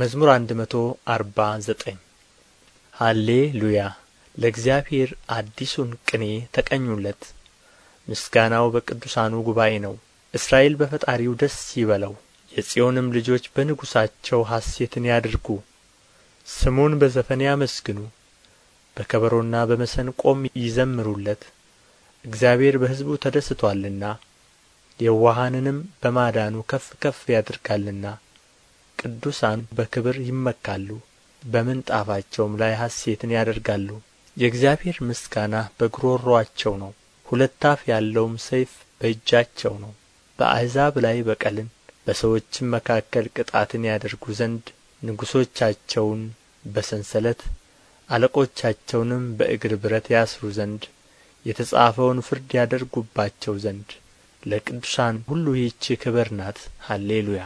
መዝሙር መቶ አርባ ዘጠኝ ሃሌ ሉያ ለእግዚአብሔር አዲሱን ቅኔ ተቀኙለት። ምስጋናው በቅዱሳኑ ጉባኤ ነው። እስራኤል በፈጣሪው ደስ ይበለው፣ የጽዮንም ልጆች በንጉሣቸው ሐሴትን ያድርጉ። ስሙን በዘፈን ያመስግኑ፣ በከበሮና በመሰንቆም ይዘምሩለት። እግዚአብሔር በሕዝቡ ተደስቶአልና፣ የዋሃንንም በማዳኑ ከፍ ከፍ ያደርጋልና ቅዱሳን በክብር ይመካሉ በምንጣፋቸውም ላይ ሐሴትን ያደርጋሉ የእግዚአብሔር ምስጋና በጕሮሮአቸው ነው ሁለት አፍ ያለውም ሰይፍ በእጃቸው ነው በአሕዛብ ላይ በቀልን በሰዎችም መካከል ቅጣትን ያደርጉ ዘንድ ንጉሶቻቸውን በሰንሰለት አለቆቻቸውንም በእግር ብረት ያስሩ ዘንድ የተጻፈውን ፍርድ ያደርጉባቸው ዘንድ ለቅዱሳን ሁሉ ይህች ክብር ናት ሃሌሉያ።